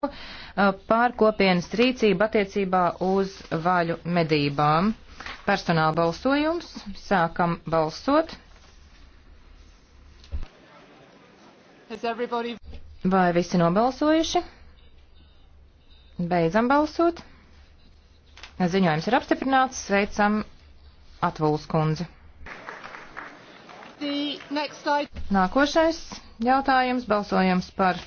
Uh, pār kopienas rīcību attiecībā uz vaļu medībām. Personāla balsojums. Sākam balsot. Everybody... Vai visi nobalsojuši? Beidzam balsot. Ziņojums ir apstiprināts. Sveicam Atvūls kundzi. Next... Nākošais jautājums. Balsojums par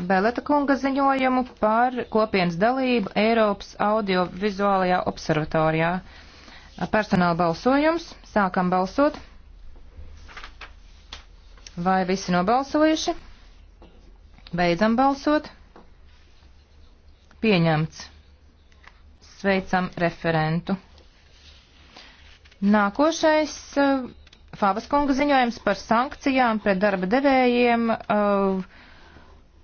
Beleta kunga ziņojumu par kopienas dalību Eiropas audiovizuālajā observatorijā. Personāla balsojums. Sākam balsot. Vai visi nobalsojuši? Beidzam balsot. Pieņemts. Sveicam referentu. Nākošais eh, Fābas kunga ziņojums par sankcijām pret darba devējiem. Uh,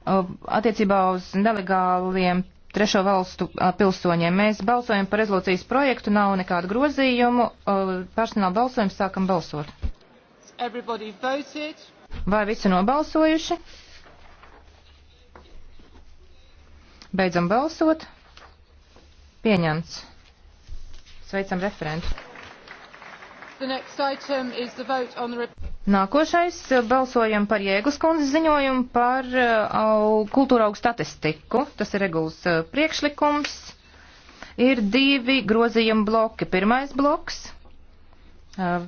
Uh, attiecībā uz nelegāliem trešo valstu uh, pilsoņiem. Mēs balsojam par rezolūcijas projektu, nav nekādu grozījumu. Uh, personāla balsojumu sākam balsot. Vai visi nobalsojuši? Beidzam balsot. Pieņemts. Sveicam referentu. The next item is the vote on the Nākošais eh, balsojam par Jēgus kundzes ziņojumu par uh, kultūra augu statistiku. Tas ir regulas uh, priekšlikums. Ir divi grozījuma bloki. Pirmais bloks. Uh,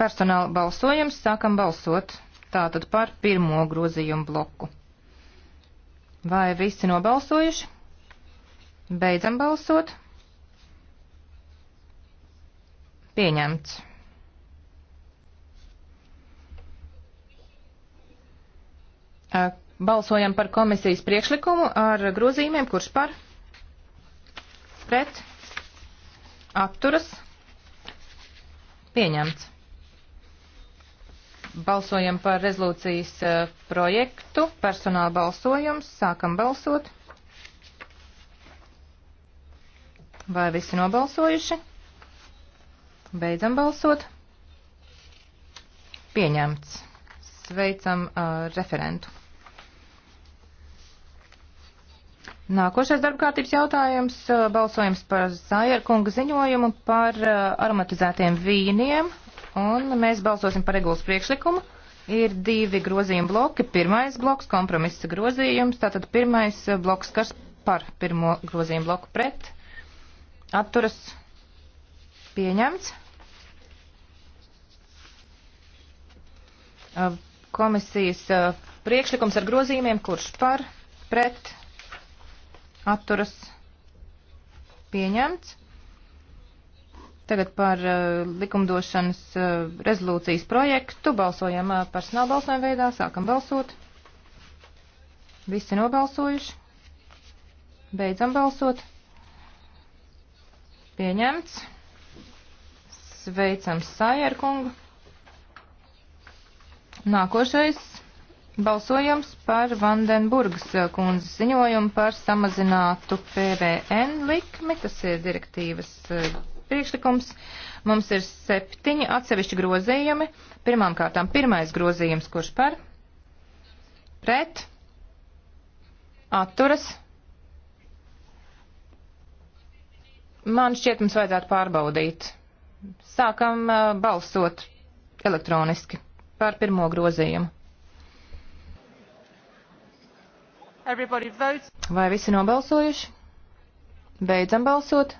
personāla balsojums. Sākam balsot. Tātad par pirmo grozījumu bloku. Vai visi nobalsojuši? Beidzam balsot. Pieņemts. Balsojam par komisijas priekšlikumu ar grozījumiem, kurš par pret atturas pieņemts. Balsojam par rezolūcijas projektu, personāla balsojums, sākam balsot. Vai visi nobalsojuši? Beidzam balsot. Pieņemts. Sveicam uh, referentu. Nākošais darbkārtības jautājums uh, - balsojums par Zajerkunga ziņojumu par uh, aromatizētiem vīniem, un mēs balsosim par regulas priekšlikumu. Ir divi grozījuma bloki. Pirmais bloks - kompromisa grozījums, tātad pirmais uh, bloks, kas par pirmo grozījuma bloku pret, atturas pieņemts. Komisijas priekšlikums ar grozījumiem, kurš par, pret, atturas pieņemts. Tagad par uh, likumdošanas uh, rezolūcijas projektu balsojam uh, personāla balsojuma veidā, sākam balsot. Visi nobalsojuši. Beidzam balsot. Pieņemts. Sveicam Sajerkungu. Nākošais Balsojums par Vandenburgas eh, kundzes ziņojumu par samazinātu PVN likmi, tas ir direktīvas eh, priekšlikums. Mums ir septiņi atsevišķi grozījumi. Pirmām kārtām pirmais grozījums, kurš par? Pret? Atturas? Man šķiet, mums vajadzētu pārbaudīt. Sākam uh, balsot elektroniski par pirmo grozījumu. Vai visi nobalsojuši? Beidzam balsot.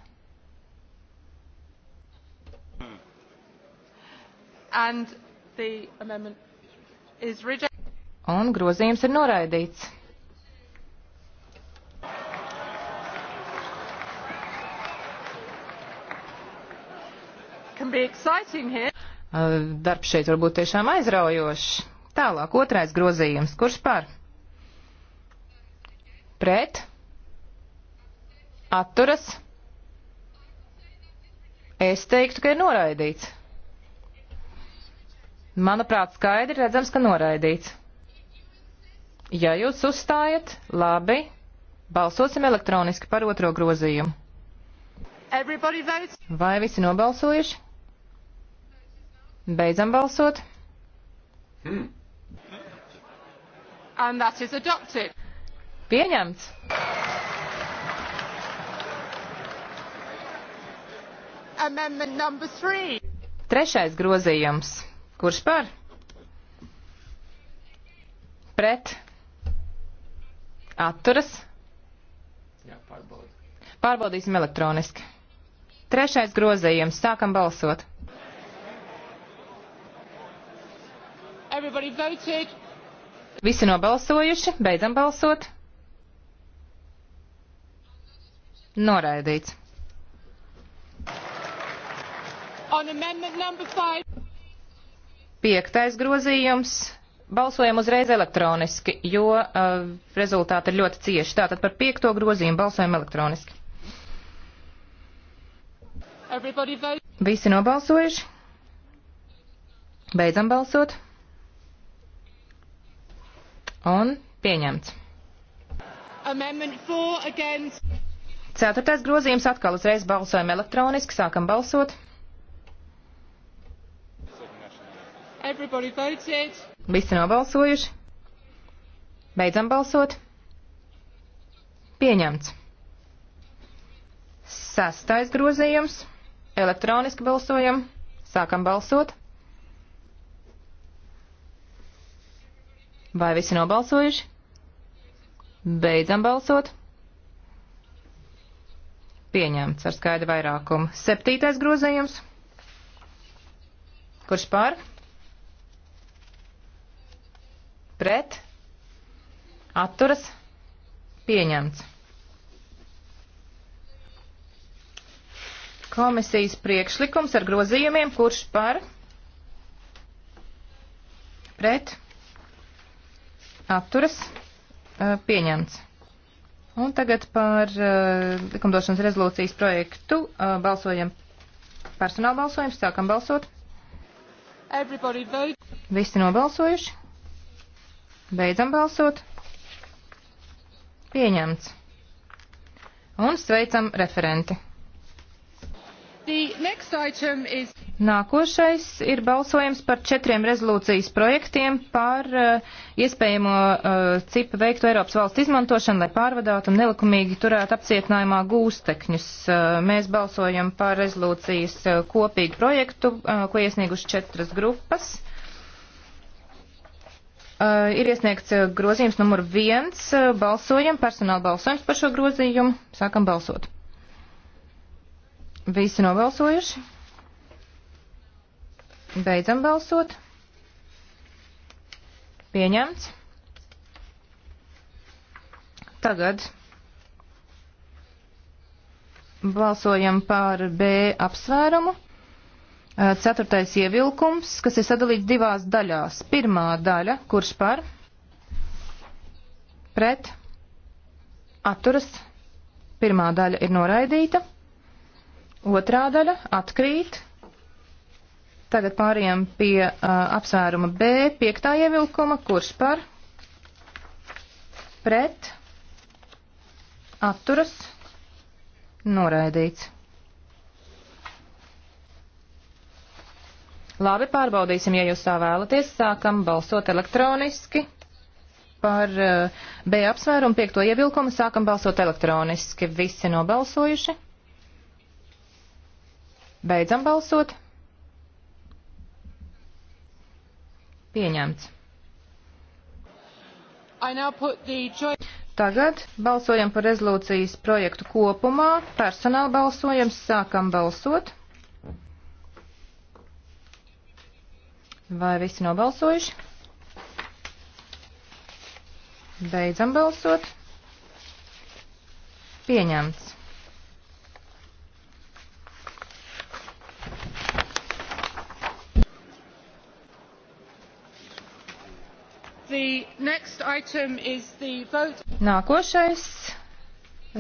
Un grozījums ir noraidīts. Darbs šeit varbūt tiešām aizraujošs. Tālāk otrais grozījums. Kurš par? pret, atturas. Es teiktu, ka ir noraidīts. Manuprāt, skaidri redzams, ka noraidīts. Ja jūs uzstājat, labi, balsosim elektroniski par otro grozījumu. Vai visi nobalsojuši? Beidzam balsot. Hmm. Pieņemts. Trešais grozījums. Kurš par? Pret. Atturas. Jā, pārbaud. Pārbaudīsim elektroniski. Trešais grozījums. Sākam balsot. Visi nobalsojuši. Beidzam balsot. Noraidīts. Piektais grozījums. Balsojam uzreiz elektroniski, jo uh, rezultāti ir ļoti cieši. Tātad par piekto grozījumu balsojam elektroniski. Visi nobalsojuši? Beidzam balsot. Un pieņemts. Amendment 4 against. Ceturtais grozījums atkal uzreiz balsojam elektroniski, sākam balsot. Visi nobalsojuši. Beidzam balsot. Pieņemts. Sastais grozījums. Elektroniski balsojam. Sākam balsot. Vai visi nobalsojuši? Beidzam balsot pieņemts ar skaidu vairākumu. Septītais grozījums. Kurš pār? Pret? Atturas? Pieņemts. Komisijas priekšlikums ar grozījumiem, kurš par? Pret? Atturas? Pieņemts. Un tagad par uh, likumdošanas rezolūcijas projektu uh, balsojam personāla balsojums. Sākam balsot. Visi nobalsojuši. Beidzam balsot. Pieņemts. Un sveicam referenti. Is... Nākošais ir balsojums par četriem rezolūcijas projektiem par uh, iespējamo uh, cipa veiktu Eiropas valsts izmantošanu, lai pārvadātu un nelikumīgi turētu apcietinājumā gūstekņus. Uh, mēs balsojam par rezolūcijas uh, kopīgu projektu, uh, ko iesnieguši četras grupas. Uh, ir iesniegts grozījums numur viens. Balsojam, personāla balsojums par šo grozījumu. Sākam balsot. Visi nobalsojuši? Beidzam balsot. Pieņemts. Tagad balsojam par B apsvērumu. Eh, ceturtais ievilkums, kas ir sadalīts divās daļās. Pirmā daļa, kurš par, pret, atturas, pirmā daļa ir noraidīta. Otrā daļa atkrīt. Tagad pāriem pie uh, apsvēruma B, piektā ievilkuma, kurš par pret atturas noraidīts. Labi, pārbaudīsim, ja jūs tā vēlaties. Sākam balsot elektroniski par uh, B apsvērumu piekto ievilkumu. Sākam balsot elektroniski. Visi nobalsojuši. Beidzam balsot. Pieņemts. Tagad balsojam par rezolūcijas projektu kopumā. Personāla balsojums. Sākam balsot. Vai visi nobalsojuši? Beidzam balsot. Pieņemts. Nākošais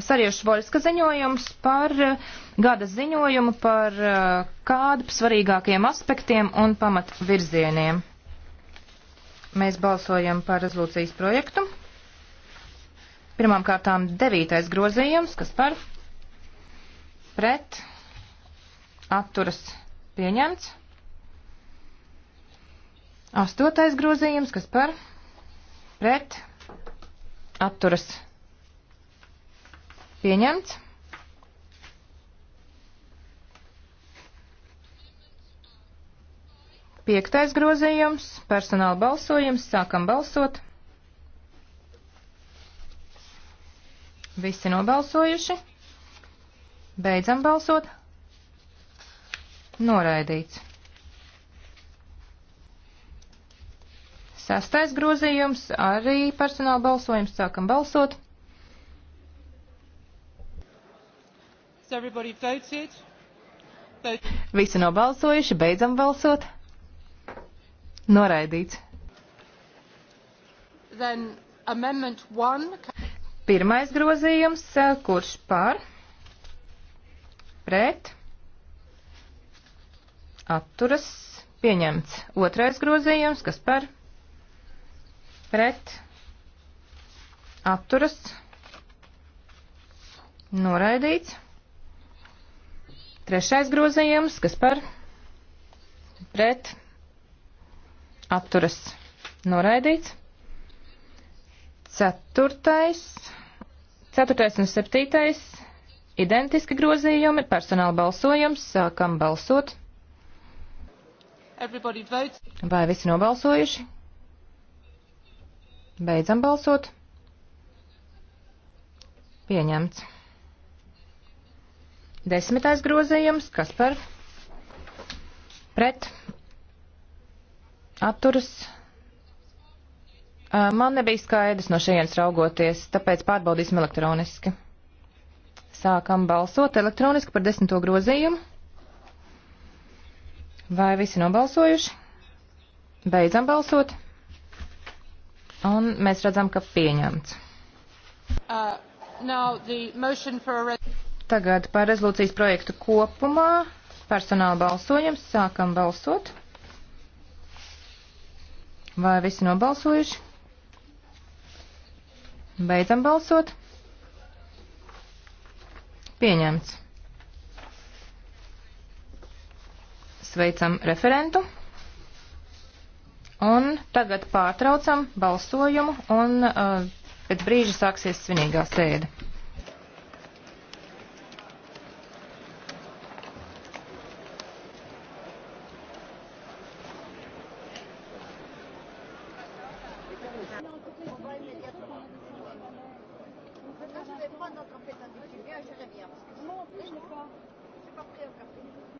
Sariešu Voļska ziņojums par eh, gada ziņojumu par eh, kādu svarīgākiem aspektiem un pamatvirzieniem. Mēs balsojam par rezolūcijas projektu. Pirmām kārtām devītais grozījums, kas par pret atturas pieņemts. Astotais grozījums, kas par pret atturas pieņemts. Piektais grozījums - personāla balsojums. Sākam balsot. Visi nobalsojuši. Beidzam balsot. Noraidīts. Sastais grozījums arī personāla balsojums. Sākam balsot. Visi nobalsojuši, beidzam balsot. Noraidīts. Pirmais grozījums, kurš par, pret, atturas, pieņemts. Otrais grozījums, kas par, pret pret atturas noraidīts. Trešais grozījums, kas par pret atturas noraidīts. Ceturtais, ceturtais un septītais identiski grozījumi, personāla balsojums, sākam balsot. Vai visi nobalsojuši? Beidzam balsot. Pieņemts. Desmitais grozījums, kas par pret atturas. Man nebija skaidrs no šajienas raugoties, tāpēc pārbaudīsim elektroniski. Sākam balsot elektroniski par desmito grozījumu. Vai visi nobalsojuši? Beidzam balsot. Un mēs redzam, ka pieņemts. Uh, Tagad par rezolūcijas projektu kopumā personāla balsojums. Sākam balsot. Vai visi nobalsojuši? Beidzam balsot. Pieņemts. Sveicam referentu. Un tagad pārtraucam balsojumu un uh, pēc brīža sāksies svinīgā sēde.